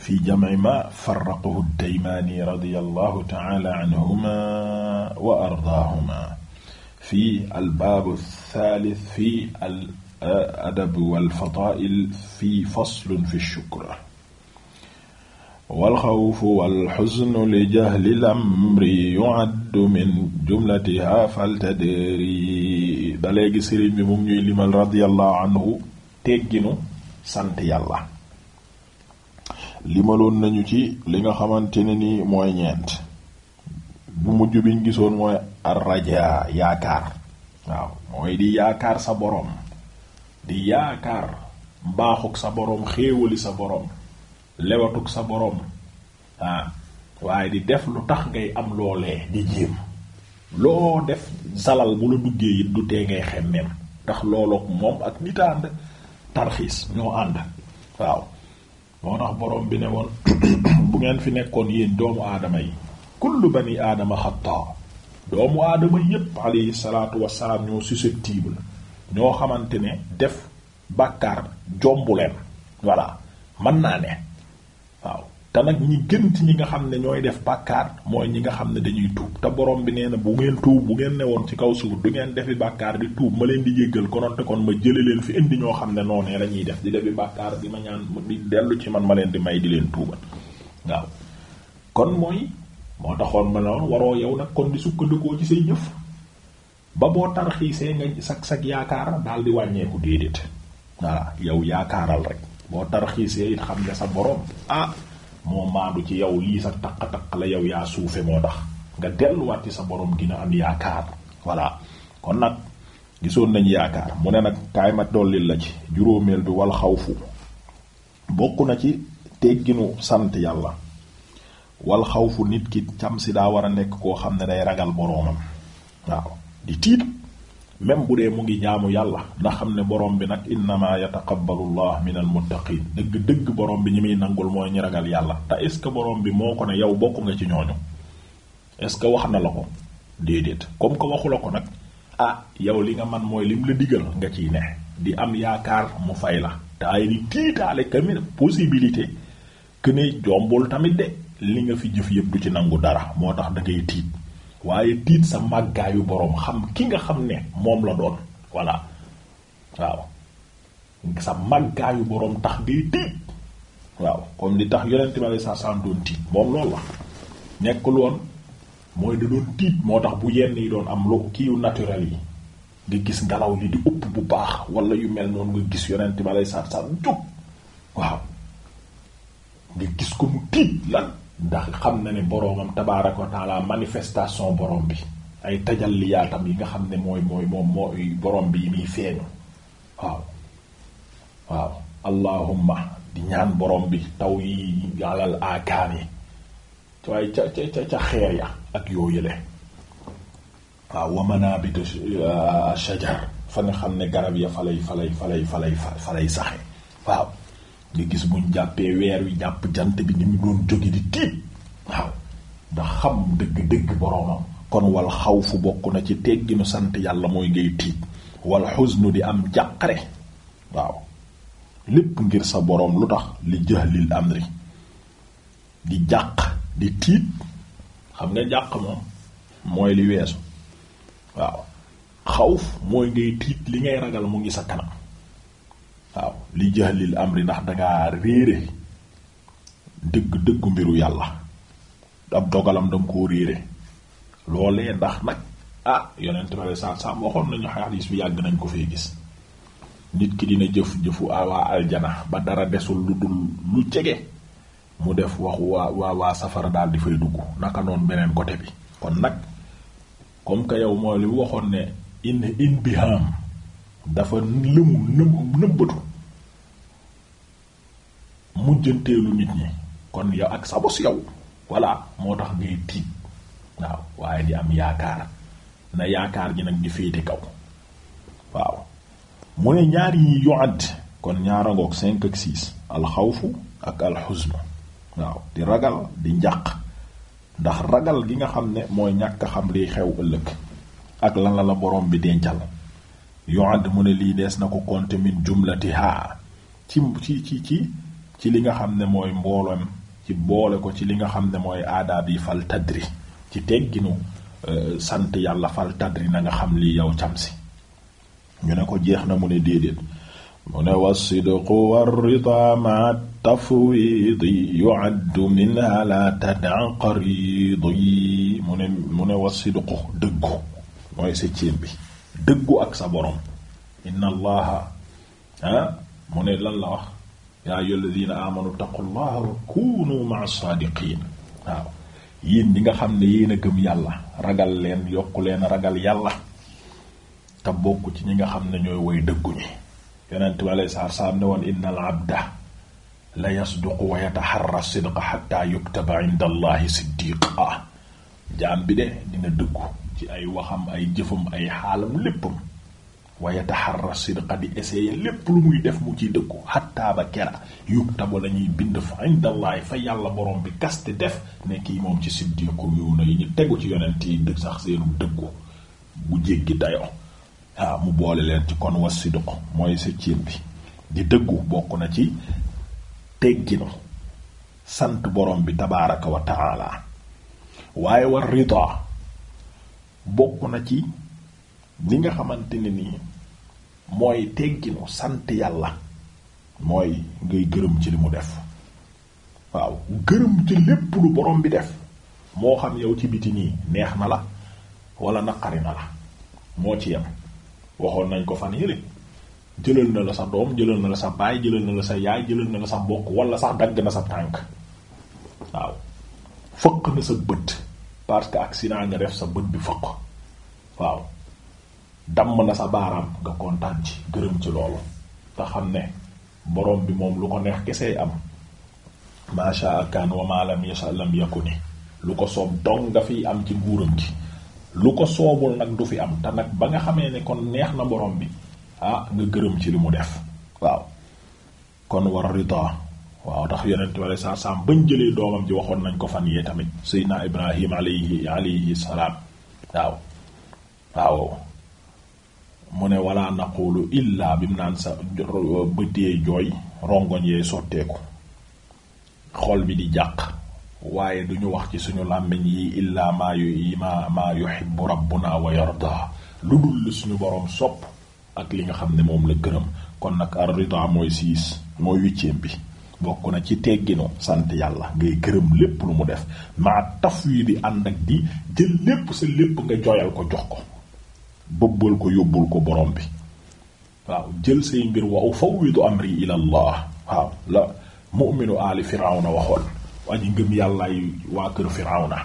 fi jam'i ma farraqahu ad-Daymaani radiyallahu ta'ala anhumaa wa ardaahumaa fi al-baab ath-thaalith fi al-adab wal-fadaa'il fi faslun fi ash-shukr wal-khawf wal-huzn li jahli al-amri yu'addu min jumlatihaa faltadri ba léegi sëriñ bi mu ngi ñuy limal radiyallahu anhu tegginu sant yàlla limaloon nañu ci li nga xamante ne ni mooy ñeent bu mujj biñ gisoon mooy arraja yaakaar waaw mooy di yaakaar sa boroom di yaakaar mbaaxuk sa boroom xéewali sa boroom lewatuk sa boroom waaye di def lu tax ngay am loolee di jéem loo def salal bu la duggee it du tee ngay xemmeem ndax loolook moom ak nit ànd tarxiis ñoo ànd waaw moo tax boroom bi ne woon bu ngeen fi nekkoon yéen doomu aadama yi ba ni aadama xataa doomu aadama yépp alayhi salaatu wasalaam ñoo susceptible ñoo xamante ne def bàkkaar jombu leen voilà mën naa ne te nag ñi gën ci ñi nga xam ne ñooy def bàkkaar mooy ñi nga xam ne dañuy tuub te borom bi nee na bu ngeen tuub bu ngeen woon ci kaw suuf du ngeen defi bàkkaar di tuub ma leen di jéggal kononte kon ma jële leen fi indi ñoo xam ne noonee la ñuy def di defi bàkkaar di ma ñaan di dellu ci man ma di may di leen tuubal waaw kon mooy moo taxoon ma ne waroo yow nag kon di sukkandikoo ci say jëf ba boo tarxiisee nga sag sag yaakaar daal di wàññeeku déedéet voilà yow yaakaaral rek boo tarxiisee it xam nga sa borom ah moo maandu ci yow lii sa taq-taq la yow yaa suufe moo tax nga delluwaat ci sa boroom dina am yaakaar voilà kon nag gisoon nañ yaakaar mu ne nag kaay ma dollil la ci juróomeel bi wal xawfu bokk na ci tegginu sant yàlla wal xawfu nit ki cam si daa war a nekk koo xam ne day ragal boroomam waaw di tiit même bu dee mu ngi jaamu yàlla ndaxam ne borom bi nag innama yataqabbalu llah min al muttaqin dëgg dëgg borom bi ñi muy nangul mooy ñi ragal yàlla te est ce que bi moo ko ne yow bokk nga ci ñooñu est ce que wax na la ko déedéet comme que waxu la ko nag ah yow li nga man mooy lim la digal nga ciy ne di am yaakaar mu fay la te ay di tiitaale kamit possibilité que ne jombul tamit de li nga fi jëf yëpp du ci nangu dara moo tax da ngay tiit waaye tiit sa màggaayu boroom xam ki nga xam ne moom la doon voilà waaw sa màggaayu boroom tax ngay tiit waaw comme li tax yonent bi aleyhi salaatu salaam doon tiit mooy da moo tax bu yenn yi doon am lu naturel yi nga gis ngelaw li di upp baax wala yu mel noonu nga gis yonent bi aleyhi salaatu salaam jóg waaw nga gis ko mu tiit lan ndax xam na ne boroomam tabaaraka wa manifestation boroom bi ay tajalliyaatam yi nga xam ne mooy mooy moom mooy borom bi muy feeñu waaw waaw allahumma di ñaan boroom bi taw yi alal aakaan yi waaye ca ca ca xeer ya ak yoo yële waaw wa manabitu shajar fa nga xam ne garab ya falay falay falay falay falay saxe waaw nga gis buñ jàppee weer wi jàpp jant bi ni mu doon jóge di tiit waaw ndax xam dëgg-dëgg boroomam kon wal xaw fu bokk na ci tegginu sant yàlla mooy ngay tiit wal xusnu di am jàqare waaw lépp ngir sa boroom lu tax li jahlil amri di jàq di tiit xam nga jàq moom mooy li weesu waaw xawf mooy ngay tiit li ngay ragal mu ngi sa kanam li jahlil amri ndax dangaa réere dëgg dëggu mbiru yàlla ab dogalam danga koo réere loolee ndax nag ah yonent bi saa saa waxoon nañu xadiis bi yàgg nañ ko fee gis nit ki dina jëf jëfu waa aljana ba dara desul lu dul lu jege mu def waxu waa waa safara daal di fay dugg naka noonu beneen côté bi kon nag comme que yow mooy li waxoon ne in in bihaam dafa lëmu nëbbatu mujjanteelu nit ñi kon yow ak sa bos yow voilà moo tax ngay tiit waaw waaye di am yaakaar na yaakaar ji nag di féete kaw waaw mu ne ñaar yi yu'ad kon ñaara ngoog cinq ak six alxawfu ak alxusn waaw di ragal di njàq ndax ragal gi nga xam ne mooy ñàkk xam liy xew ëllëg ak lan la la borom bi dencal yu'ad mu ne lii dees na ko compter min jumlatiha ci ci ci ci ci li nga xam ne mooy mbooloom ci boole ko ci li nga xam ne mooy aadaab yi ci tegginu euh, sant yàlla fal tadri na nga xam lii yow cam si ñu ne ko jeex na mu ne déedéet mu ne wassidqu warrida ma tafwidi dëggu mooy sëccéen bi dëggu ak sa borom inna allaha ah mu ne lan la wax yaa ayyuhal ladina amanu taqullaha wa kunu ma'as saadiqin waaw yéen ñi nga xam ne yéen a gëm yàlla ragal leen yokk leen ragal yàlla te bokk ci ñi nga xam ne ñooy woy dëgguñu ñi yonent bi alay saar saam ne woon innal abda la yasduqu wa yataharra sidqa hatta yuktaba inda allahi siddiqa jaam bi de dina dëggu ci ay waxam ay jëfam ay xaalam léppam waaye yataxarra sidqa di essayer lépp lu muy def mu ciy dëkku xatta ba kera yuktabu lañuy bind fa indallahi fa yàlla borom bi kaste def ne kii moom ci siddiqul yoona yi ñu tegu ci yonent yi dëgg sax seenu dëkku bu jéggi dayoo waaw mu boole leen ci kon was sidq mooy sëccin bi di dëggu bokk na ci tegginu sant borom bi tabaaraka wa waaye war ridaa bokk na ci li nga xamante ne nii mooy tegginu sant yàlla mooy ngay gërëm ci li mu def waaw gërëm ci lépp lu borom bi def moo xam yow ci biti nii neex na la wala naqari na la moo ci yem waxoon nañ ko fan yële jëlal na la sa doom jëlal na la sa baay jëlal na la sa yaay jëlal na la sa mbokk wala sax dagg na sa tànk waaw fëq na sa bët parce que accident nga def sa bët bi fëq waaw damm na sa baaraam nga kontaan ci gërëm ci loolu te xam ne borom bi moom lu ko neex kesey am masha kan wa ma lam yasha lam yakuni lu ko soob dong nga fiy am ci nguuram gi lu ko soobul nag du fi am te nag ba nga xamee ne kon neex na borom bi ah nga gërëm ci li mu def waaw kon war ridaa waaw tax yonent bi saa saam bañ jëlee doomam ji waxoon nañ ko fan yee tamit seydina ibrahim alayhi alayhi salaam waaw waaw mu ne wala naqulu illaa bi mu naan sa bëtee jooy rongoñ yee sotteeku xool bi di jàq waaye duñu wax ci suñu làmmiñ yi illaa maa yu yi ma maa yuhibbu rabbuna wa yarda lu dul li suñu boroom ak li nga xam ne moom la gërëm kon nag ar mooy siis mooy huitième bi bokk na ci tegginu sant yàlla ngay gërëm lépp lu mu def maa taf yi di ànd ak di jël lépp sa lépp nga jooyal ko jox ko bëbbal ko yóbbul ko borom bi waaw jël say mbir wa ufawwidu amri ila allah waaw la mu'minu aali firawna waxoon aji ngëm yàllaay waa kër firawna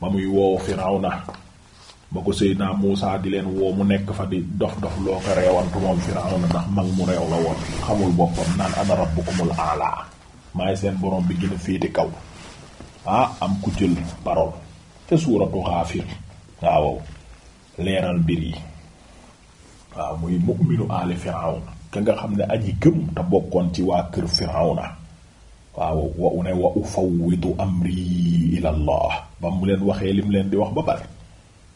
ba muy woo firawna ba ko Seydina Muusa di leen woo mu nekk fa di dof dof loo ko reewantu moom firawna ndax mag mu reew la woon xamul boppam naan ana rabbukumul a'la maay seen borom bi gën a féete kaw ah, am ku jël parole te suuratu Xaafir waaw leeral mbir yi waaw muy mu'minu aali firawna ka nga xam ne aji gëm te bokkoon ci waa kër firawna waaw wa u ne wa ufawwitu amri ila allah ba mu leen waxee lim leen di wax ba pare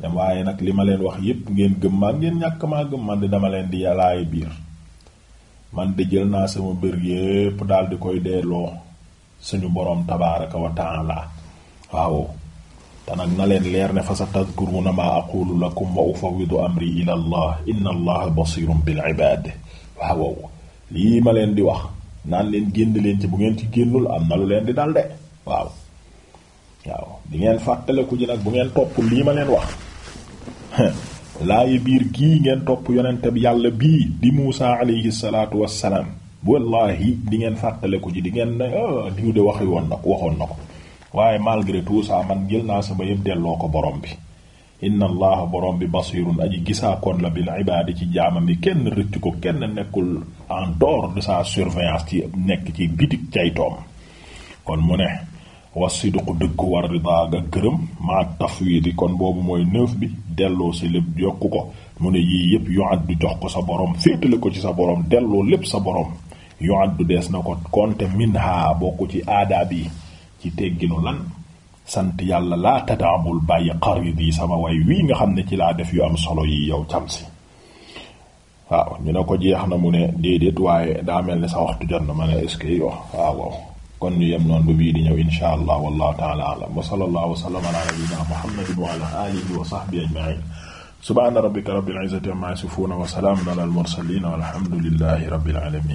ne waaye nag li ma leen wax yépp ngeen gëm maa ngeen ñàkk maa gëm man di dama leen di yàllaay biir man di jël naa sama mbir yépp daal di koy deeloo suñu boroom tabaaraka wa ta'ala waaw te nag na leen leer ne fa sa tadkuruna maa aqulu lakum wa ufawwidu amri ila allah inna allaha basirun bil ibad waaw lii ma leen di wax naan leen génn leen ci bu ngeen ci génnul am na lu leen di dal de waaw waaw di ngeen fàttaleku ji nag bu ngeen topp lii ma leen wax laayi biir gii ngeen topp yonente bi yàlla bii di Muusaa alayhi salaatu wassalaam wallahi di ngeen fàttaleku ji di ngeen ne ah, diw de waxi woon na ko waxoon na ko waaye malgré tout ça man jël naa sama yëpp delloo ko boroom bi inna allaha borom bi basirun aji gisaakoon la bil ibaadi ci jaamam bi kenn rëccu ko kenn nekkul en dehors de sa surveillance ci nekk ci bitik caytoom kon mu ne si sidqu dëgg war ridaa ga gërëm maa tafwidi kon boobu mooy neuf bi delloo si lépp yokku ko mu ne yii yëpp yu addu jox ko sa borom féetale ko ci sa borom delloo lépp sa borom yu addu dees na ko konte minha bokk ci aadaab yi ci tegginu lan sant yàlla laa tadaabul bàyyi xarid yi sama way wii nga xam ne ci laa def yu am solo yi yow cam si waaw ñu ne ko jeex na mu ne déedéet waaye daa mel ni sa waxtu jot na ma ne est-ce que yo waaw waaw kon ñu yem noonu ba bii di ñëw insha allah wallahu taala alam wa sallallahu wa sallama ala nabiyyina muhammadin wa ala alihi wa sahbihi ajma'in subhana rabbika rabbil izzati amma yasifun wa salamun ala al mursalin walhamdulillahi rabbil alamin